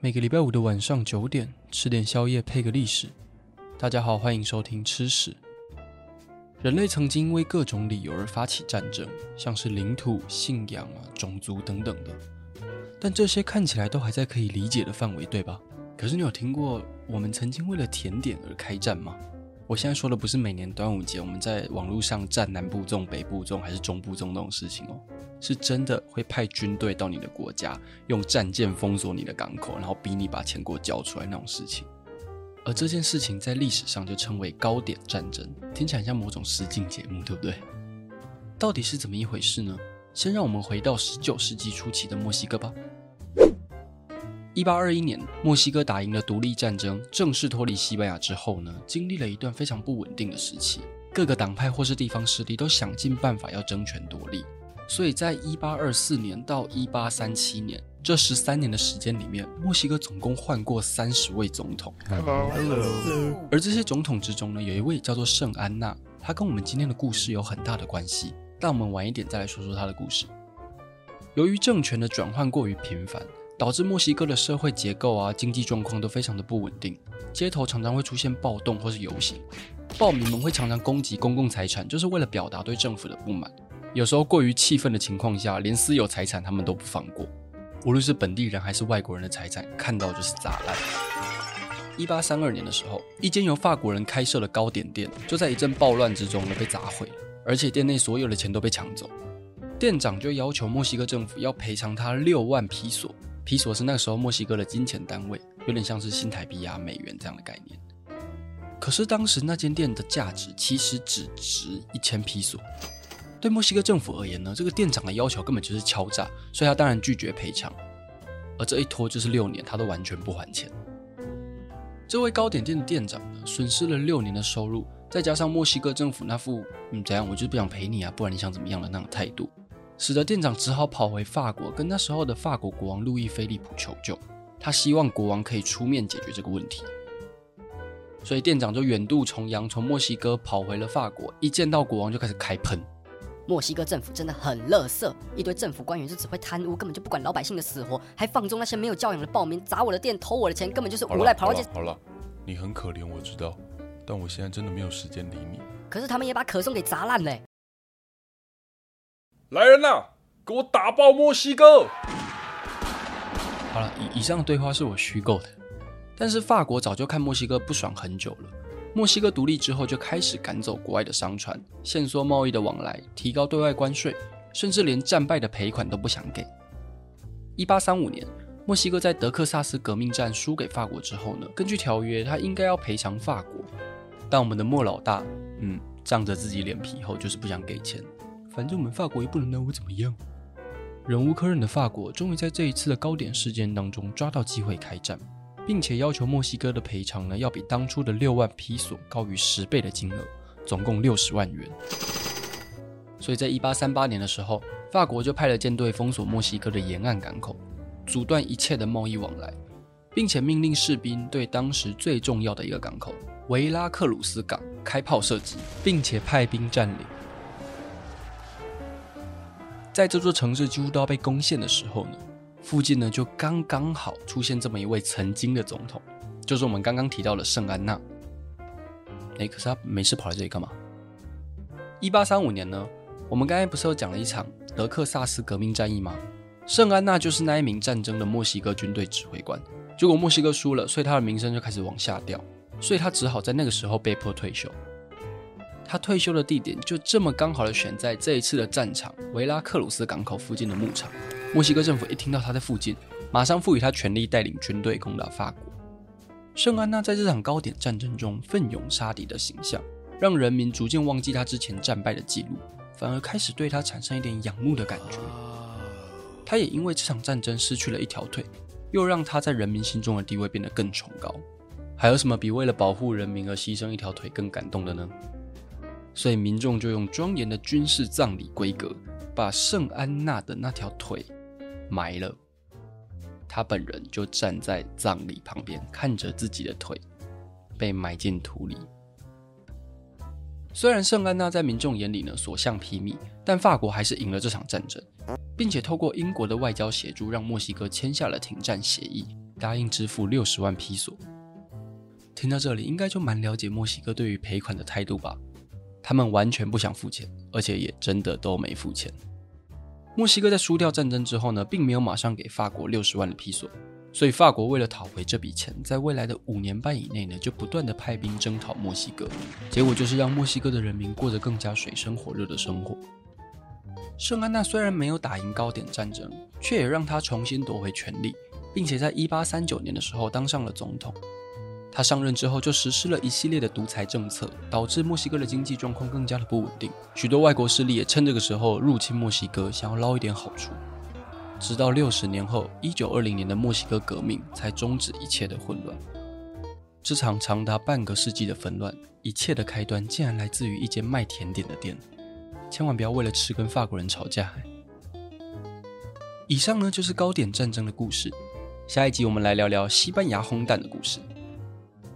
每個禮拜五的晚上九點，吃點宵夜配個歷史。大家好，歡迎收聽吃史。人類曾經因為各種理由而發起戰爭，像是領土、信仰啊、種族等等的，但這些看起來都還在可以理解的範圍，對吧？可是你有聽過我們曾經為了甜點而開戰嗎？我現在說的不是每年端午節我們在網絡上站南部粽、北部粽還是中部粽那種事情哦。是真的會派軍隊到你的國家，用戰艦封鎖你的港口，然後逼你把錢給我交出來那種事情。而這件事情在歷史上就稱為糕點戰爭，聽起來很像某種實境節目，對不對？到底是怎麼一回事呢？先讓我們回到十九世紀初期的墨西哥吧。一八二一年，墨西哥打贏了獨立戰爭，正式脫離西班牙之後呢，經歷了一段非常不穩定的時期，各個黨派或是地方勢力都想尽辦法要爭權奪利。所以在一八二四年到一八三七年這十三年的時間裡面，墨西哥總共換過三十位總統。Hello. 而這些總統之中呢，有一位叫做聖安娜，他跟我們今天的故事有很大的關係。但我們晚一點再來說說他的故事。由於政權的轉換過於頻繁，導致墨西哥的社會結構啊、經濟狀況都非常的不穩定，街頭常常會出現暴動或是遊行，暴民們會常常攻擊公共財產，就是為了表達對政府的不滿。有時候過於氣憤的情況下，連私有財產他們都不放過。無論是本地人還是外國人的財產，看到就是砸爛。一八三二年的時候，一間由法國人開設的糕點店，就在一陣暴亂之中被砸毀了，而且店內所有的錢都被搶走。店長就要求墨西哥政府要賠償他六萬披索，披索是那時候墨西哥的金錢單位，有點像是新台幣啊美元這樣的概念。可是當時那間店的價值其實只值一千披索。對墨西哥政府而言呢，這個店長的要求根本就是敲詐，所以他當然拒絕賠償。而這一拖就是六年，他都完全不還錢。這位糕點店的店長呢，損失了六年的收入，再加上墨西哥政府那副“嗯，怎樣？我就是不想賠你啊，不然你想怎麼樣”的那種態度，使得店長只好跑回法國，跟那時候的法國國王路易菲利普求救。他希望國王可以出面解決這個問題。所以店長就遠渡重洋，從墨西哥跑回了法國，一見到國王就開始開噴。墨西哥政府真的很垃圾，一堆政府官員是只會貪污，根本就不管老百姓的死活，還放縱那些沒有教養的暴民砸我的店，偷我的錢，根本就是無賴。好了，好了，你很可憐，我知道，但我現在真的沒有時間理你。可是他們也把可頌給砸爛了。來人吶、啊，給我打爆墨西哥！好了，以以上的對話是我虛構的，但是法國早就看墨西哥不爽很久了。墨西哥獨立之後就開始趕走國外的商船，限縮貿易的往來，提高對外關稅，甚至連戰敗的賠款都不想給。一八三五年，墨西哥在德克薩斯革命戰輸給法國之後呢，根據條約他應該要賠償法國，但我們的墨老大，嗯，仗着自己臉皮厚，就是不想給錢。反正我們法國也不能拿我怎麼樣。忍無可忍的法國終於在這一次的糕點事件當中抓到機會開戰，並且要求墨西哥的賠償呢，要比當初的六萬比索高於十倍的金額，總共六十萬元。所以在一八三八年的時候，法國就派了艦隊封鎖墨西哥的沿岸港口，阻斷一切的貿易往來，並且命令士兵對當時最重要的一個港口維拉克魯斯港開炮射擊，並且派兵占領。在這座城市幾乎都要被攻陷的時候呢，附近呢，就剛剛好出現這麼一位曾經的總統，就是我們剛剛提到的聖安娜。誒，可是他沒事跑來這裡幹嘛？一八三五年呢，我們剛才不是有講了一場德克薩斯革命戰役嗎？聖安娜就是那一名戰爭的墨西哥軍隊指揮官，結果墨西哥輸了，所以他的名聲就開始往下掉，所以他只好在那個時候被迫退休。他退休的地點就這麼剛好的選在這一次的戰場維拉克魯斯港口附近的牧場。墨西哥政府一聽到他在附近，馬上賦予他權力，帶領軍隊攻打法國。聖安娜在這場糕點戰爭中奮勇殺敵的形象，讓人民逐漸忘記他之前戰敗的記錄，反而開始對他產生一點仰慕的感覺。他也因為這場戰爭失去了一條腿，又讓他在人民心中的地位變得更崇高。還有什麼比為了保護人民而犧牲一條腿更感動的呢？所以民眾就用莊嚴的軍事葬禮規格，把聖安娜的那條腿埋了，他本人就站在葬禮旁邊，看着自己的腿被埋進土裡。雖然聖安娜在民眾眼裡呢，所向披靡，但法國還是贏了這場戰爭，並且透過英國的外交協助，讓墨西哥簽下了停戰協議，答應支付六十萬披索。聽到這裡，應該就蠻了解墨西哥對於賠款的態度吧？他們完全不想付錢，而且也真的都沒付錢。墨西哥在輸掉戰爭之後呢，並沒有馬上給法國六十萬的披索，所以法國為了討回這筆錢，在未來的五年半以內呢，就不斷的派兵征討墨西哥，結果就是讓墨西哥的人民過着更加水深火熱的生活。聖安娜雖然沒有打贏糕點戰爭，卻也讓他重新奪回權力，並且在一八三九年的時候當上了總統。他上任之後就實施了一系列的獨裁政策，導致墨西哥的經濟狀況更加的不穩定。許多外國勢力也趁這個時候入侵墨西哥，想要撈一點好處。直到六十年後，一九二零年的墨西哥革命才終止一切的混亂。這場長達半個世紀的紛亂，一切的開端竟然來自於一間賣甜點的店。千萬不要為了吃跟法國人吵架欸。以上呢就是糕點戰爭的故事。下一集我們來聊聊西班牙烘蛋的故事。